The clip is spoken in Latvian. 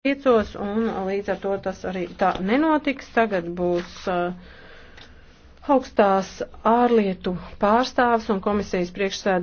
piecos, un līdz ar to tas arī tā nenotiks. Tagad būs uh, augstās ārlietu pārstāvs un komisijas priekšsēdē.